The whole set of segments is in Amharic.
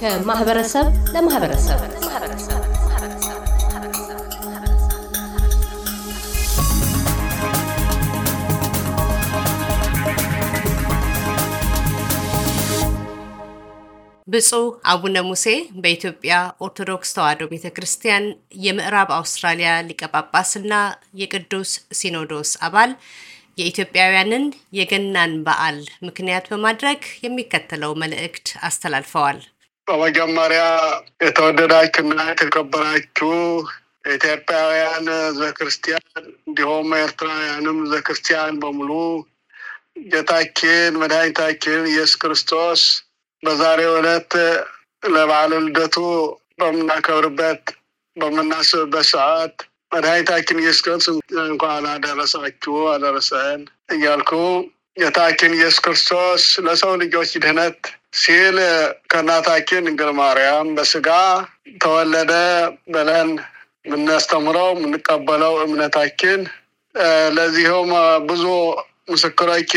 ከማህበረሰብ ለማህበረሰብ ብፁዕ አቡነ ሙሴ በኢትዮጵያ ኦርቶዶክስ ተዋሕዶ ቤተ ክርስቲያን የምዕራብ አውስትራሊያ ሊቀጳጳስና የቅዱስ ሲኖዶስ አባል የኢትዮጵያውያንን የገናን በዓል ምክንያት በማድረግ የሚከተለው መልእክት አስተላልፈዋል። በመጀመሪያ የተወደዳችሁና የተከበራችሁ ኢትዮጵያውያን ዘክርስቲያን እንዲሁም ኤርትራውያንም ዘክርስቲያን በሙሉ ጌታችን መድኃኒታችን ኢየሱስ ክርስቶስ በዛሬው ዕለት ለበዓለ ልደቱ በምናከብርበት በምናስብበት ሰዓት መድኃኒታችን ኢየሱስ ክርስቶስ እንኳን አደረሳችሁ አደረሰን እያልኩ ጌታችን ኢየሱስ ክርስቶስ ለሰው ልጆች ድህነት ሲል ከእናታችን ድንግል ማርያም በስጋ ተወለደ ብለን የምናስተምረው የምንቀበለው እምነታችን ለዚህም ብዙ ምስክሮች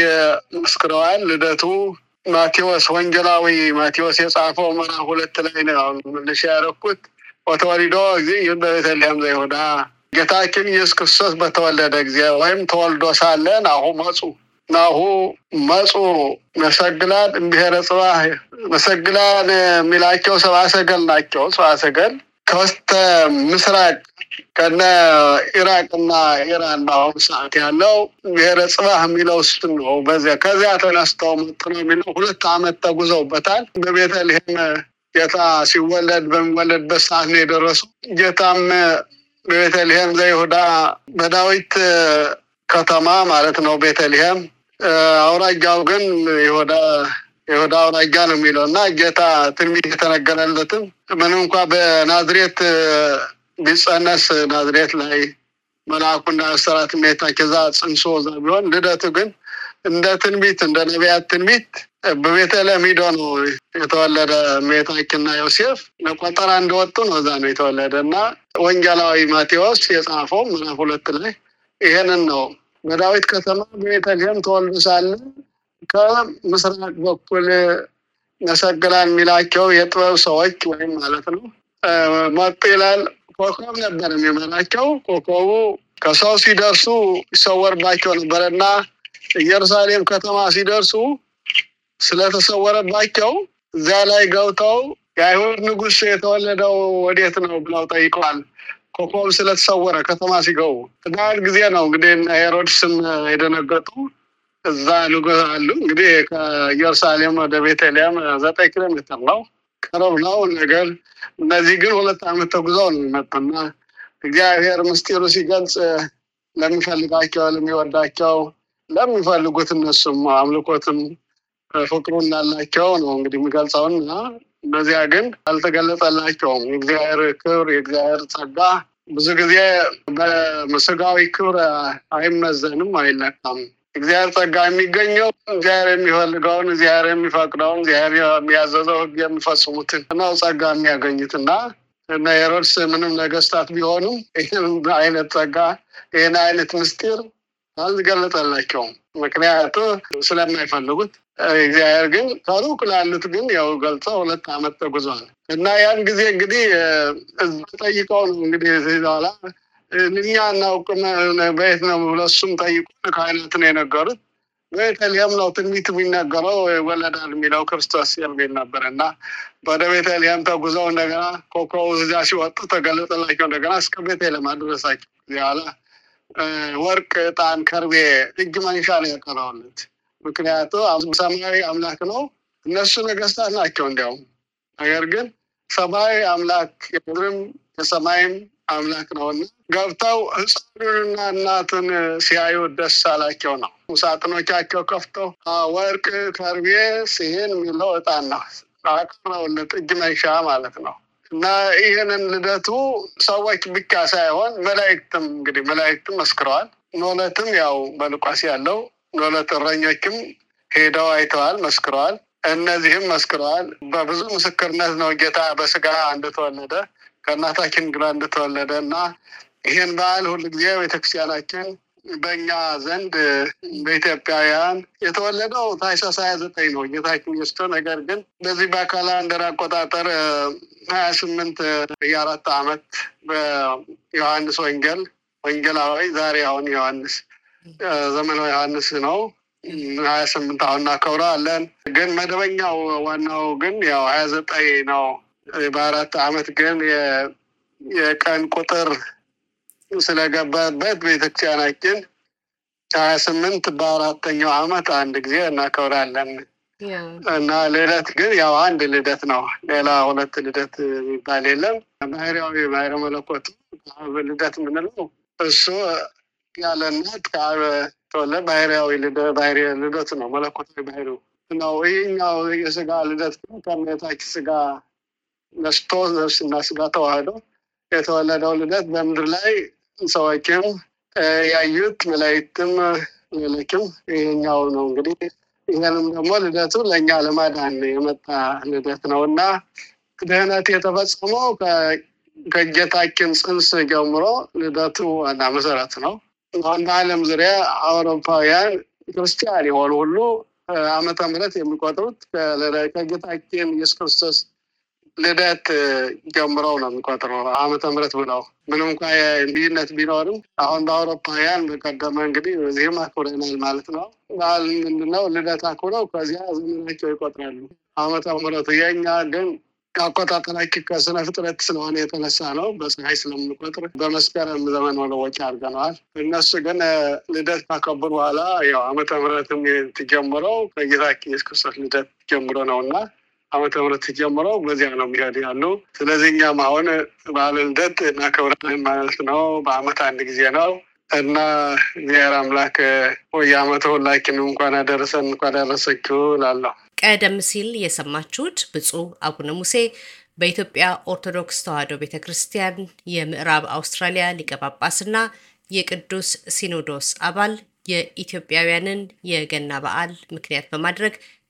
መስክረዋል። ልደቱ ማቴዎስ ወንጌላዊ ማቴዎስ የጻፈው ምዕራፍ ሁለት ላይ ነው መልሽ ያደረኩት። ወተወሊዶ እግዚእ በቤተልሔም ዘይሁዳ ጌታችን ኢየሱስ ክርስቶስ በተወለደ ጊዜ ወይም ተወልዶ ሳለ ናሁ መጹ ናሁ መጹ መሰግላን እምብሔረ ጽባህ መሰግላን የሚላቸው ሰብአ ሰገል ናቸው። ሰብአ ሰገል ከወስተ ምስራቅ ከነ ኢራቅና ኢራን በአሁኑ ሰዓት ያለው ብሔረ ጽባህ የሚለው እሱ ነው። በዚያ ከዚያ ተነስተው መጥ ነው የሚለው ሁለት ዓመት ተጉዘውበታል። በቤተልሔም ጌታ ሲወለድ በሚወለድበት ሰዓት ነው የደረሱ። ጌታም በቤተልሔም ዘይሁዳ በዳዊት ከተማ ማለት ነው ቤተልሔም አውራጃው ግን ይሁዳ ይሁዳውን አጋ ነው የሚለው እና ጌታ ትንቢት የተነገረለትም ምንም እንኳ በናዝሬት ቢጸነስ ናዝሬት ላይ መልአኩና ስራት ሜታ ከዛ ጽንሶ ዛ ቢሆን ልደቱ ግን እንደ ትንቢት እንደ ነቢያት ትንቢት በቤተልሔም ሂዶ ነው የተወለደ ሜታኪና ዮሴፍ ለቆጠራ እንደወጡ ነው እዛ ነው የተወለደ እና ወንጌላዊ ማቴዎስ የጻፈው ምዕራፍ ሁለት ላይ ይሄንን ነው በዳዊት ከተማ በቤተልሔም ተወልዶ ከምስራቅ በኩል መሰግና የሚላቸው የጥበብ ሰዎች ወይም ማለት ነው መጡ ይላል። ኮከብ ነበር የሚመላቸው። ኮከቡ ከሰው ሲደርሱ ይሰወርባቸው ነበር እና ኢየሩሳሌም ከተማ ሲደርሱ ስለተሰወረባቸው እዚያ ላይ ገብተው የአይሁድ ንጉሥ የተወለደው ወዴት ነው ብለው ጠይቀዋል። ኮከብ ስለተሰወረ ከተማ ሲገቡ ትዳር ጊዜ ነው እንግዲህ ሄሮድስም የደነገጡ እዛ ንጉስ አሉ። እንግዲህ ከኢየሩሳሌም ወደ ቤተልሔም ዘጠኝ ኪሎ ሜትር ነው ቅርብ ነው ነገር እነዚህ ግን ሁለት ዓመት ተጉዘው ነው የመጡና እግዚአብሔር ምስጢሩ ሲገልጽ ለሚፈልጋቸው ለሚወዳቸው ለሚፈልጉት እነሱም አምልኮትም ፍቅሩ እንዳላቸው ነው እንግዲህ የሚገልጸውን በዚያ እነዚያ ግን አልተገለጠላቸውም። የእግዚአብሔር ክብር የእግዚአብሔር ጸጋ ብዙ ጊዜ በስጋዊ ክብር አይመዘንም፣ አይለካም። እግዚአብሔር ጸጋ የሚገኘው እግዚአብሔር የሚፈልገውን እግዚአብሔር የሚፈቅደውን እግዚአብሔር የሚያዘዘው ህግ የሚፈጽሙትን ነው ጸጋ የሚያገኙት እና እና ሄሮድስ ምንም ነገስታት ቢሆኑም ይህን አይነት ጸጋ ይህን አይነት ምስጢር አልገለጠላቸውም። ምክንያቱ ስለማይፈልጉት። እግዚአብሔር ግን ከሩቅ ላሉት ግን ያው ገልጾ ሁለት አመት ተጉዟል እና ያን ጊዜ እንግዲህ ጠይቀው ነው እንግዲህ ኋላ እኛ እናውቅም፣ በየት ነው ለሱም ጠይቁ ከአይነት ነው የነገሩት። በቤተልሔም ነው ትንቢት የሚነገረው ይወለዳል የሚለው ክርስቶስ የሚል ነበር እና ወደ ቤተልሔም ተጉዘው እንደገና ኮከቡ እዚያ ሲወጡ ተገለጠላቸው። እንደገና እስከ ቤተልሔም አደረሳቸው። ያለ ወርቅ፣ ዕጣን፣ ከርቤ እጅ መንሻ ነው የቀረውለት። ምክንያቱ ሰማያዊ አምላክ ነው፣ እነሱ ነገስታት ናቸው። እንዲያውም ነገር ግን ሰማያዊ አምላክ የምድርም የሰማይም አምላክ ነውና ገብተው ህፃኑንና እናትን ሲያዩ ደስ አላቸው ነው። ሳጥኖቻቸው ከፍተው ወርቅ፣ ከርቤ፣ ሲሄን የሚለው እጣን ነው አቅርበውለት እጅ መንሻ ማለት ነው እና ይህንን ልደቱ ሰዎች ብቻ ሳይሆን መላእክትም እንግዲህ መላእክትም መስክረዋል። ኖለትም ያው በልቋስ ያለው ኖለት እረኞችም ሄደው አይተዋል፣ መስክረዋል። እነዚህም መስክረዋል። በብዙ ምስክርነት ነው ጌታ በስጋ እንደተወለደ ከእናታችን ግራ እንደተወለደ እና ይህን በዓል ሁልጊዜ ቤተክርስቲያናችን በእኛ ዘንድ በኢትዮጵያውያን የተወለደው ታኅሳስ ሀያ ዘጠኝ ነው ጌታችን ኢየሱስ። ነገር ግን በዚህ በካላንደር አቆጣጠር ሀያ ስምንት የአራት ዓመት በዮሐንስ ወንጌል ወንጌላዊ ዛሬ አሁን ዮሐንስ ዘመነ ዮሐንስ ነው ሀያ ስምንት አሁን እናከብረዋለን። ግን መደበኛው ዋናው ግን ያው ሀያ ዘጠኝ ነው በአራት አመት ግን የቀን ቁጥር ስለገባበት ቤተክርስቲያናችን ከሀያ ስምንት በአራተኛው አመት አንድ ጊዜ እናከብራለን እና ልደት ግን ያው አንድ ልደት ነው። ሌላ ሁለት ልደት የሚባል የለም። ባህሪያዊ ባህረ መለኮት ልደት የምንለው እሱ ያለ እናት ከአብ ተወለ ባህሪያዊ ልደት ነው። መለኮታዊ ባህሪው ነው። ይህኛው የስጋ ልደት ከእመቤታችን ስጋ ነስቶ ነፍስና ስጋ ተዋህዶ የተወለደው ልደት በምድር ላይ ሰዎችም ያዩት መላእክትም ሌሎችም ይሄኛው ነው። እንግዲህ ይህንም ደግሞ ልደቱ ለእኛ ለማዳን የመጣ ልደት ነው እና ድህነት የተፈጸመው ከጌታችን ጽንስ ጀምሮ ልደቱ ዋና መሰረት ነው እና ዓለም ዙሪያ አውሮፓውያን ክርስቲያን የሆኑ ሁሉ ዓመተ ምሕረት የሚቆጥሩት ከጌታችን ኢየሱስ ክርስቶስ ልደት ጀምረው ነው የሚቆጥረው አመተ ምህረት ብለው ምንም እንኳ ልዩነት ቢኖርም አሁን በአውሮፓውያን በቀደመ እንግዲህ በዚህም አክብረናል ማለት ነው። በዓል ምንድነው? ልደት አክብረው ከዚያ ዘመናቸው ይቆጥራሉ አመተ ምሕረቱ። የኛ ግን አቆጣጠራችን ከስነ ፍጥረት ስለሆነ የተነሳ ነው። በፀሐይ ስለምንቆጥር በመስከረም ዘመን መለወጫ አድርገነዋል። እነሱ ግን ልደት ካከብሩ በኋላ ያው አመተ ምሕረትም ትጀምረው ከጌታ ኢየሱስ ክርስቶስ ልደት ጀምሮ ነው እና ዓመተ ምህረት ጀምሮ በዚያ ነው እንግዲህ ያሉ። ስለዚህ እኛም አሁን በዓለ ልደት እናከብራለን ማለት ነው። በአመት አንድ ጊዜ ነው እና እግዚአብሔር አምላክ ወየአመቱ ሁላችንም እንኳን ያደረሰን እንኳን ያደረሰችው ላለሁ። ቀደም ሲል የሰማችሁት ብፁዕ አቡነ ሙሴ በኢትዮጵያ ኦርቶዶክስ ተዋሕዶ ቤተ ክርስቲያን የምዕራብ አውስትራሊያ ሊቀ ጳጳስና የቅዱስ ሲኖዶስ አባል የኢትዮጵያውያንን የገና በዓል ምክንያት በማድረግ